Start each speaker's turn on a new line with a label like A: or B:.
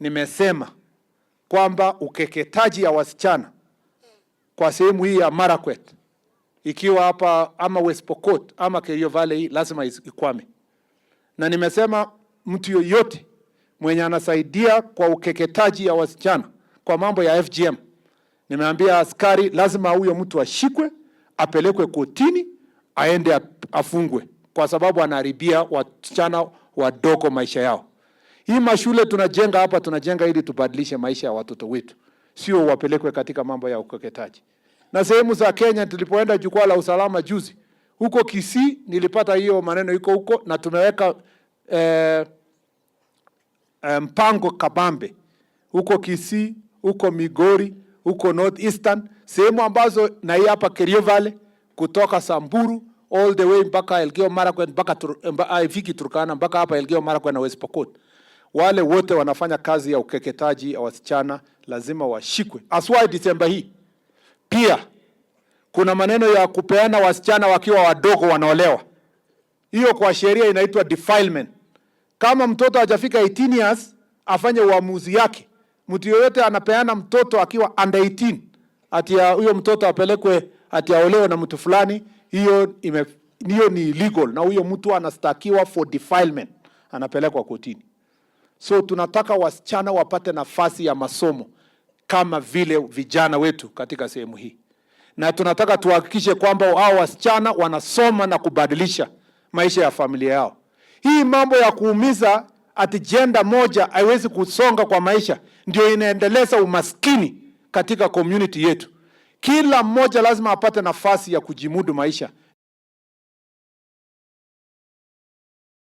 A: nimesema kwamba ukeketaji ya wasichana kwa sehemu hii ya Marakwet ikiwa hapa ama West Pokot ama Kerio Valley lazima ikwame, na nimesema mtu yoyote mwenye anasaidia kwa ukeketaji ya wasichana kwa mambo ya FGM, nimeambia askari lazima huyo mtu ashikwe, apelekwe kotini, aende afungwe, kwa sababu anaharibia wasichana wadogo maisha yao. Hii mashule tunajenga hapa, tunajenga ili tubadilishe maisha ya watoto wetu, sio wapelekwe katika mambo ya ukeketaji. Na sehemu za Kenya tulipoenda jukwaa la usalama juzi huko Kisii, nilipata hiyo maneno iko huko, na tumeweka eh, eh, mpango kabambe huko Kisii, huko Migori, huko North Eastern, sehemu ambazo na hii hapa Kerio Valley kutoka Samburu all the way mpaka Elgeyo Marakwet mpaka eh, ifiki Turkana mpaka hapa Elgeyo Marakwet na West Pokot wale wote wanafanya kazi ya ukeketaji ya wasichana lazima washikwe, aswa Disemba hii. Pia kuna maneno ya kupeana wasichana wakiwa wadogo wanaolewa, hiyo kwa sheria inaitwa defilement. Kama mtoto hajafika 18 years afanye uamuzi yake. Mtu yoyote anapeana mtoto akiwa under 18 ati huyo mtoto apelekwe ati aolewe na mtu fulani, hiyo ime hiyo ni illegal, na huyo mtu anastakiwa for defilement, anapelekwa kotini. So tunataka wasichana wapate nafasi ya masomo kama vile vijana wetu katika sehemu hii, na tunataka tuhakikishe kwamba hao wasichana wanasoma na kubadilisha maisha ya familia yao. Hii mambo ya kuumiza ati jenda moja haiwezi kusonga kwa maisha, ndio inaendeleza umaskini katika community yetu. Kila mmoja lazima apate nafasi ya kujimudu maisha.